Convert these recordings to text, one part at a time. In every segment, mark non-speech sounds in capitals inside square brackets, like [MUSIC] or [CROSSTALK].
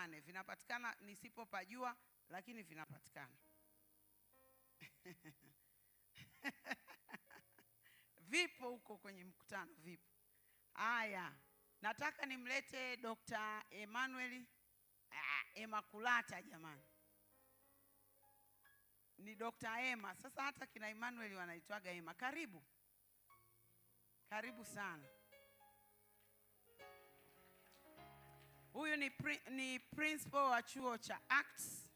nane vinapatikana nisipopajua, lakini vinapatikana [LAUGHS] vipo huko kwenye mkutano, vipo. Haya, nataka nimlete Dr. Emmanuel ah, Emakulata. Jamani, ni Dr. Ema. Sasa hata kina Emmanuel wanaitwaga Ema. Karibu, karibu sana. Huyu ni, pri, ni principal wa chuo cha ACTS,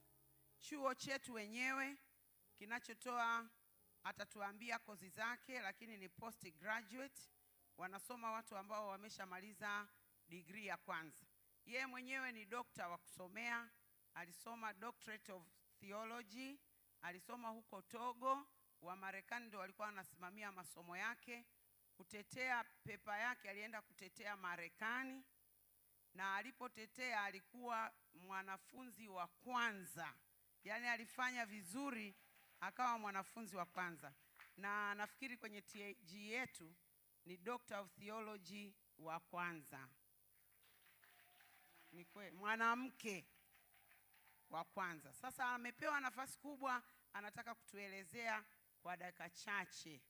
chuo chetu wenyewe kinachotoa, atatuambia kozi zake, lakini ni post graduate, wanasoma watu ambao wameshamaliza digrii ya kwanza. Yeye mwenyewe ni dokta wa kusomea, alisoma doctorate of theology, alisoma huko Togo, wa Marekani ndio walikuwa wanasimamia masomo yake. Kutetea pepa yake alienda kutetea Marekani na alipotetea alikuwa mwanafunzi wa kwanza, yaani alifanya vizuri akawa mwanafunzi wa kwanza, na nafikiri kwenye TG yetu ni Doctor of Theology wa kwanza, ni kweli, mwanamke wa kwanza. Sasa amepewa nafasi kubwa, anataka kutuelezea kwa dakika chache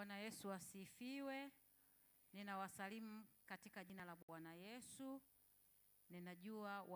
Bwana Yesu asifiwe. Ninawasalimu katika jina la Bwana Yesu. Ninajua